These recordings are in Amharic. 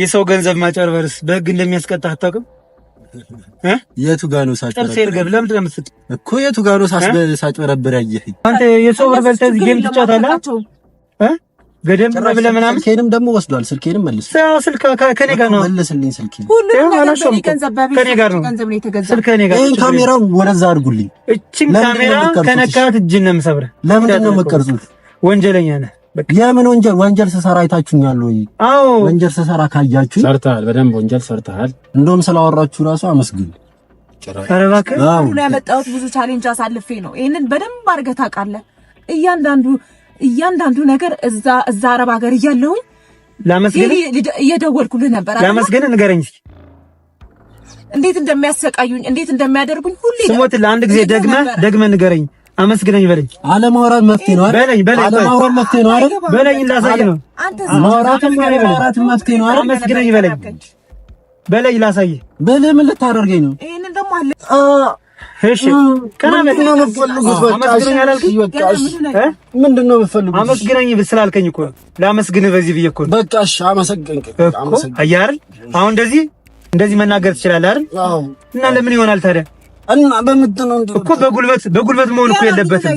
የሰው ገንዘብ ማጨርበርስ በህግ እንደሚያስቀጣ አታውቅም? የቱ ጋ ነው ሳጭበረብር? ለምን ለምትል እኮ የቱ ጋ ነው ሳጭበረብር ያየኸኝ? አንተ የሰው ብር በልተህ ጌም ትጫወታለህ እ ገደም ብለህ ምናምን። ስልኬንም ደግሞ ወስዷል። ስልኬንም መልስ። ሰው ስልክ ከኔ ጋር ነው። መልስልኝ ስልኬን። ሁሉም ነገር ከኔ ጋር ነው። ስልክ ከኔ ጋር ነው። ይሄን ካሜራ ወደዛ አድርጉልኝ። እቺን ካሜራ ከነካት እጅን ነው የምሰብርህ። ለምንድን ነው የምትቀርጹት? ወንጀለኛ ነህ። የምን ወንጀል ወንጀል ስሰራ አይታችሁኛል ወይ? አዎ ወንጀል ስሰራ ካያችሁ ሰርተሃል፣ በደንብ ወንጀል ሰርተሃል። እንደውም ስላወራችሁ ራሱ አመስግን። ኧረ እባክህ ሁሉ ያመጣሁት ብዙ ቻሌንጅ አሳልፌ ነው። ይሄንን በደንብ አድርገህ ታውቃለህ። እያንዳንዱ እያንዳንዱ ነገር እዛ እዛ አረብ ሀገር እያለሁኝ ላመስግን እየደወልኩልህ ነበር አይደል? ላመስግን ንገረኝ እንዴት እንደሚያሰቃዩኝ እንዴት እንደሚያደርጉኝ ሁሌ ስሞት ለአንድ ጊዜ ደግመህ ደግመህ ንገረኝ አመስግነኝ በለኝ። አለማውራት መፍትሄ ነው አይደል? በለኝ በለኝ አለማውራት መፍትሄ ነው አይደል? በለኝ ላሳይ ነው ማውራትም አለማውራትም መፍትሄ ነው አይደል? አመስግነኝ በለኝ በለኝ ላሳይ በለኝ። ምን ልታደርገኝ ነው? ይሄንን ደግሞ አለ እሺ ምንድነው የምትፈልጉት? ነው የምትፈልጉት? አመስግነኝ ስላልከኝ እኮ ላመስግንህ በዚህ ብዬ እኮ ነው። በቃ እሺ አመሰግንክ እኮ አየህ አይደል? አሁን እንደዚህ እንደዚህ መናገር ትችላለህ አይደል? እና ለምን ይሆናል ታዲያ እና በምትነው እኮ በጉልበት በጉልበት መሆን እኮ የለበትም።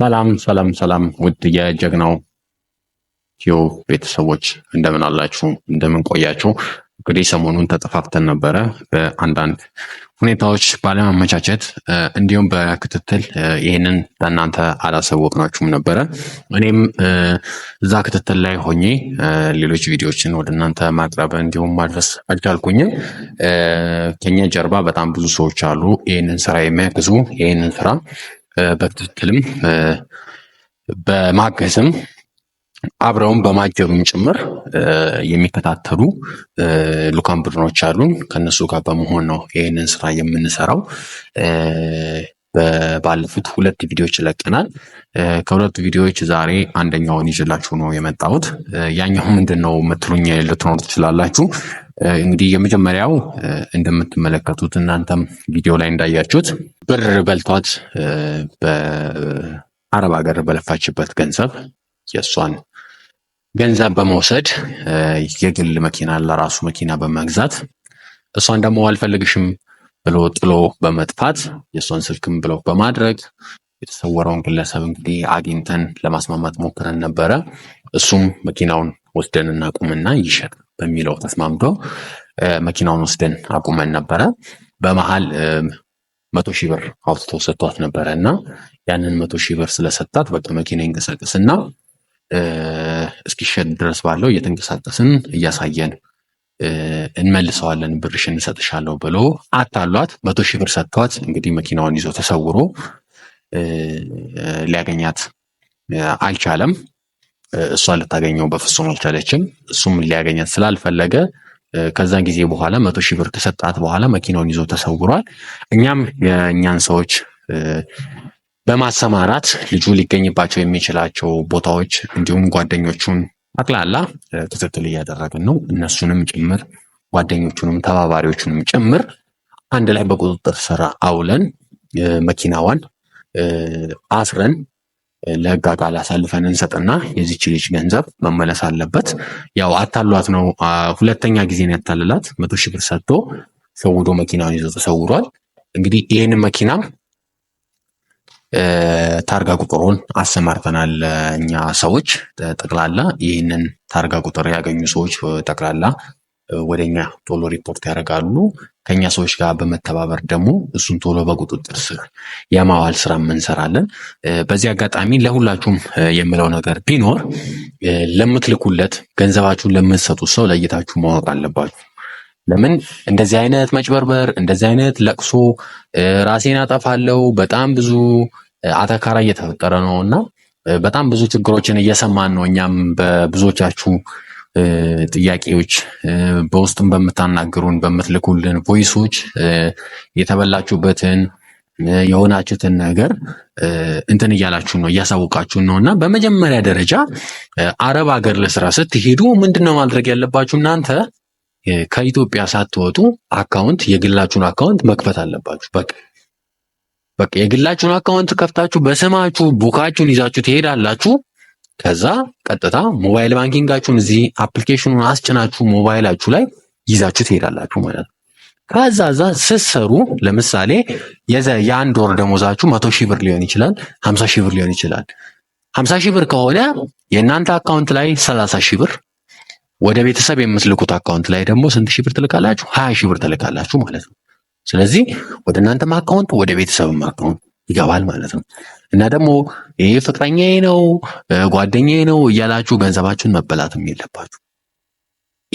ሰላም ሰላም ሰላም! ውድ የጀግናው ቤተሰቦች እንደምን አላችሁ? እንደምን ቆያችሁ? እንግዲህ ሰሞኑን ተጠፋፍተን ነበረ። በአንዳንድ ሁኔታዎች ባለማመቻቸት እንዲሁም በክትትል ይህንን ለእናንተ አላሳወቅናችሁም ነበረ። እኔም እዛ ክትትል ላይ ሆኜ ሌሎች ቪዲዮዎችን ወደ እናንተ ማቅረብ እንዲሁም ማድረስ አልቻልኩኝም። ከኛ ጀርባ በጣም ብዙ ሰዎች አሉ፣ ይህንን ስራ የሚያግዙ ይህንን ስራ በክትትልም በማገዝም አብረውን በማጀሩም ጭምር የሚከታተሉ ሉካን ቡድኖች አሉን። ከነሱ ጋር በመሆን ነው ይህንን ስራ የምንሰራው። ባለፉት ሁለት ቪዲዮዎች ለቀናል። ከሁለቱ ቪዲዮዎች ዛሬ አንደኛውን ይዤላችሁ ነው የመጣሁት። ያኛው ምንድን ነው የምትሉኝ ልትኖር ትችላላችሁ። እንግዲህ የመጀመሪያው እንደምትመለከቱት እናንተም ቪዲዮ ላይ እንዳያችሁት ብር በልቷት በአረብ ሀገር በለፋችበት ገንዘብ የእሷን ገንዘብ በመውሰድ የግል መኪና ለራሱ መኪና በመግዛት እሷን ደግሞ አልፈልግሽም ብሎ ጥሎ በመጥፋት የእሷን ስልክም ብሎ በማድረግ የተሰወረውን ግለሰብ እንግዲህ አግኝተን ለማስማማት ሞክረን ነበረ። እሱም መኪናውን ወስደን እናቁምና ይሸጥ በሚለው ተስማምቶ መኪናውን ወስደን አቁመን ነበረ። በመሀል መቶ ሺህ ብር አውጥቶ ሰጥቷት ነበረ እና ያንን መቶ ሺህ ብር ስለሰጣት በቃ መኪና ይንቀሳቀስና እስኪሸጥ ድረስ ባለው እየተንቀሳቀስን እያሳየን እንመልሰዋለን ብርሽን እንሰጥሻለሁ ብሎ አታሏት። መቶ ሺህ ብር ሰጥቷት እንግዲህ መኪናውን ይዞ ተሰውሮ ሊያገኛት አልቻለም። እሷ ልታገኘው በፍጹም አልቻለችም። እሱም ሊያገኛት ስላልፈለገ ከዛን ጊዜ በኋላ መቶ ሺህ ብር ከሰጣት በኋላ መኪናውን ይዞ ተሰውሯል። እኛም የእኛን ሰዎች በማሰማራት ልጁ ሊገኝባቸው የሚችላቸው ቦታዎች እንዲሁም ጓደኞቹን አቅላላ ክትትል እያደረግን ነው። እነሱንም ጭምር ጓደኞቹንም ተባባሪዎቹንም ጭምር አንድ ላይ በቁጥጥር ስር አውለን መኪናዋን አስረን ለሕግ አካል አሳልፈን እንሰጥና የዚች ልጅ ገንዘብ መመለስ አለበት። ያው አታሏት ነው። ሁለተኛ ጊዜ ነው ያታልላት። መቶ ሺህ ብር ሰጥቶ ሰውዶ መኪናውን ይዞ ተሰውሯል። እንግዲህ ይህን መኪናም ታርጋ ቁጥሩን አሰማርተናል እኛ ሰዎች ጠቅላላ ይህንን ታርጋ ቁጥር ያገኙ ሰዎች ጠቅላላ ወደኛ ቶሎ ሪፖርት ያደርጋሉ። ከኛ ሰዎች ጋር በመተባበር ደግሞ እሱን ቶሎ በቁጥጥር ስር የማዋል ስራ እንሰራለን። በዚህ አጋጣሚ ለሁላችሁም የምለው ነገር ቢኖር ለምትልኩለት ገንዘባችሁን ለምትሰጡት ሰው ለይታችሁ ማወቅ አለባችሁ። ለምን እንደዚህ አይነት መጭበርበር፣ እንደዚህ አይነት ለቅሶ፣ ራሴን አጠፋለው፣ በጣም ብዙ አተካራ እየተፈጠረ ነው እና በጣም ብዙ ችግሮችን እየሰማን ነው። እኛም በብዙዎቻችሁ ጥያቄዎች በውስጥም በምታናግሩን በምትልኩልን ቮይሶች የተበላችሁበትን የሆናችሁትን ነገር እንትን እያላችሁ ነው እያሳወቃችሁን ነው እና በመጀመሪያ ደረጃ አረብ ሀገር ለስራ ስትሄዱ ምንድን ነው ማድረግ ያለባችሁ እናንተ ከኢትዮጵያ ሳትወጡ አካውንት የግላችሁን አካውንት መክፈት አለባችሁ። በቃ በቃ የግላችሁን አካውንት ከፍታችሁ በስማችሁ ቡካችሁን ይዛችሁ ትሄዳላችሁ። ከዛ ቀጥታ ሞባይል ባንኪንጋችሁን እዚህ አፕሊኬሽኑን አስጭናችሁ ሞባይላችሁ ላይ ይዛችሁ ትሄዳላችሁ ማለት ነው። ከዛ ዛ ስትሰሩ ለምሳሌ የአንድ ወር ደሞዛችሁ መቶ ሺህ ብር ሊሆን ይችላል፣ ሀምሳ ሺህ ብር ሊሆን ይችላል። ሀምሳ ሺህ ብር ከሆነ የእናንተ አካውንት ላይ ሰላሳ ሺህ ብር ወደ ቤተሰብ የምትልኩት አካውንት ላይ ደግሞ ስንት ሺህ ብር ትልካላችሁ? ሀያ ሺህ ብር ትልካላችሁ ማለት ነው። ስለዚህ ወደ እናንተም አካውንት ወደ ቤተሰብም አካውንት ይገባል ማለት ነው። እና ደግሞ ይህ ፍቅረኛዬ ነው ጓደኛዬ ነው እያላችሁ ገንዘባችሁን መበላትም የለባችሁ።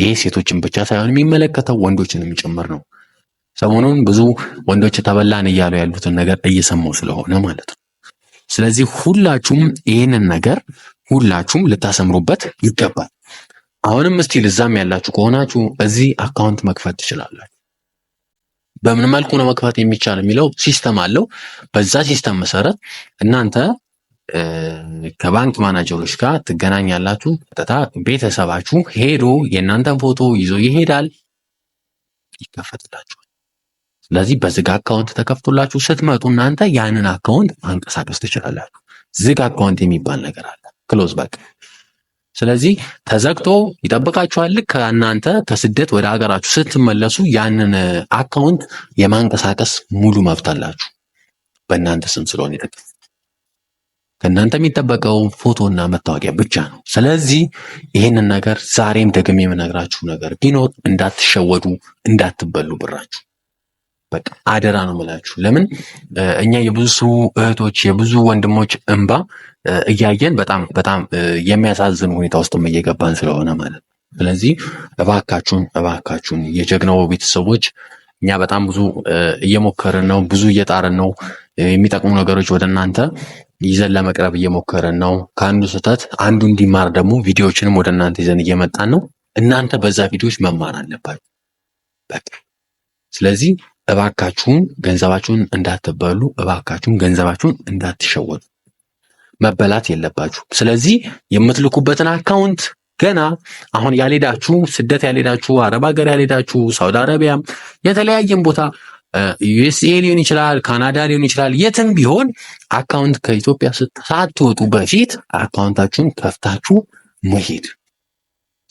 ይህ ሴቶችን ብቻ ሳይሆን የሚመለከተው ወንዶችንም ጭምር ነው። ሰሞኑን ብዙ ወንዶች ተበላን እያሉ ያሉትን ነገር እየሰማው ስለሆነ ማለት ነው። ስለዚህ ሁላችሁም ይህንን ነገር ሁላችሁም ልታሰምሩበት ይገባል። አሁንም እስቲ ልዛም ያላችሁ ከሆናችሁ እዚህ አካውንት መክፈት ትችላላችሁ። በምን መልኩ ነው መክፈት የሚቻል የሚለው ሲስተም አለው። በዛ ሲስተም መሰረት እናንተ ከባንክ ማናጀሮች ጋር ትገናኛላችሁ። ቀጥታ ቤተሰባችሁ ሄዶ የእናንተን ፎቶ ይዞ ይሄዳል፣ ይከፈትላችኋል። ስለዚህ በዝግ አካውንት ተከፍቶላችሁ ስትመጡ እናንተ ያንን አካውንት ማንቀሳቀስ ትችላላችሁ። ዝግ አካውንት የሚባል ነገር አለ። ክሎዝ በቃ ስለዚህ ተዘግቶ ይጠብቃችኋል። ልክ ከእናንተ ከስደት ወደ ሀገራችሁ ስትመለሱ ያንን አካውንት የማንቀሳቀስ ሙሉ መብት አላችሁ። በእናንተ ስም ስለሆነ ይጠቅ ከእናንተ የሚጠበቀው ፎቶና መታወቂያ ብቻ ነው። ስለዚህ ይህንን ነገር ዛሬም ደግሜ የምነግራችሁ ነገር ቢኖር እንዳትሸወዱ፣ እንዳትበሉ ብራችሁ በቃ አደራ ነው የምላችሁ። ለምን እኛ የብዙ እህቶች የብዙ ወንድሞች እንባ እያየን በጣም በጣም የሚያሳዝን ሁኔታ ውስጥ እየገባን ስለሆነ ማለት ነው። ስለዚህ እባካችሁን እባካችሁን የጀግናው ቤተሰቦች እኛ በጣም ብዙ እየሞከርን ነው፣ ብዙ እየጣርን ነው። የሚጠቅሙ ነገሮች ወደ እናንተ ይዘን ለመቅረብ እየሞከርን ነው። ከአንዱ ስህተት አንዱ እንዲማር ደግሞ ቪዲዮዎችንም ወደ እናንተ ይዘን እየመጣን ነው። እናንተ በዛ ቪዲዮዎች መማር አለባችሁ በቃ ስለዚህ እባካችሁን ገንዘባችሁን እንዳትበሉ፣ እባካችሁን ገንዘባችሁን እንዳትሸወዱ፣ መበላት የለባችሁ። ስለዚህ የምትልኩበትን አካውንት ገና አሁን ያልሄዳችሁ ስደት ያልሄዳችሁ አረብ ሀገር ያልሄዳችሁ ሳውዲ አረቢያም የተለያየም ቦታ ዩኤስኤ ሊሆን ይችላል ካናዳ ሊሆን ይችላል የትም ቢሆን አካውንት ከኢትዮጵያ ሳትወጡ በፊት አካውንታችሁን ከፍታችሁ መሄድ።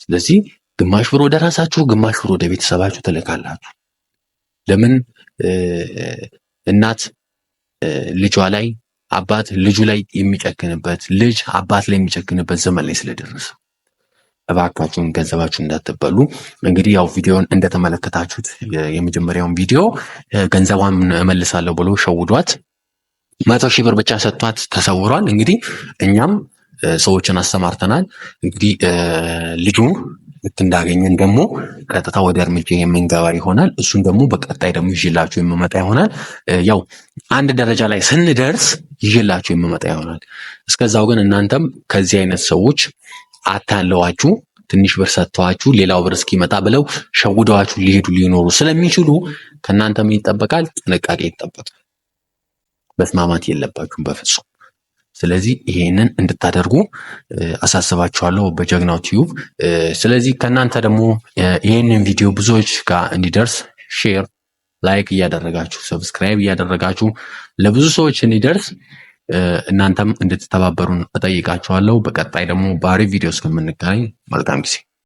ስለዚህ ግማሽ ብር ወደ ራሳችሁ፣ ግማሽ ብር ወደ ቤተሰባችሁ ትልካላችሁ። ለምን እናት ልጇ ላይ አባት ልጁ ላይ የሚጨክንበት ልጅ አባት ላይ የሚጨክንበት ዘመን ላይ ስለደረሰ እባካችሁን ገንዘባችሁን እንዳትበሉ። እንግዲህ ያው ቪዲዮን እንደተመለከታችሁት የመጀመሪያውን ቪዲዮ ገንዘቧን እመልሳለሁ ብሎ ሸውዷት መቶ ሺህ ብር ብቻ ሰጥቷት ተሰውሯል። እንግዲህ እኛም ሰዎችን አሰማርተናል። እንግዲህ ልጁ ልክ እንዳገኘን ደግሞ ቀጥታ ወደ እርምጃ የምንገባ ይሆናል። እሱን ደግሞ በቀጣይ ደግሞ ይዤላችሁ የምመጣ ይሆናል። ያው አንድ ደረጃ ላይ ስንደርስ ይዤላችሁ የምመጣ ይሆናል። እስከዛው ግን እናንተም ከዚህ አይነት ሰዎች አታለዋችሁ ትንሽ ብር ሰጥተዋችሁ ሌላው ብር እስኪመጣ ብለው ሸውደዋችሁ ሊሄዱ ሊኖሩ ስለሚችሉ ከእናንተ ምን ይጠበቃል? ጥንቃቄ ይጠበቃል። መስማማት የለባችሁም በፍጹም። ስለዚህ ይሄንን እንድታደርጉ አሳስባችኋለሁ በጀግናው ቲዩብ። ስለዚህ ከእናንተ ደግሞ ይህንን ቪዲዮ ብዙዎች ጋር እንዲደርስ ሼር፣ ላይክ እያደረጋችሁ ሰብስክራይብ እያደረጋችሁ ለብዙ ሰዎች እንዲደርስ እናንተም እንድትተባበሩን እጠይቃችኋለሁ። በቀጣይ ደግሞ ባሪ ቪዲዮ እስከምንገናኝ መልካም ጊዜ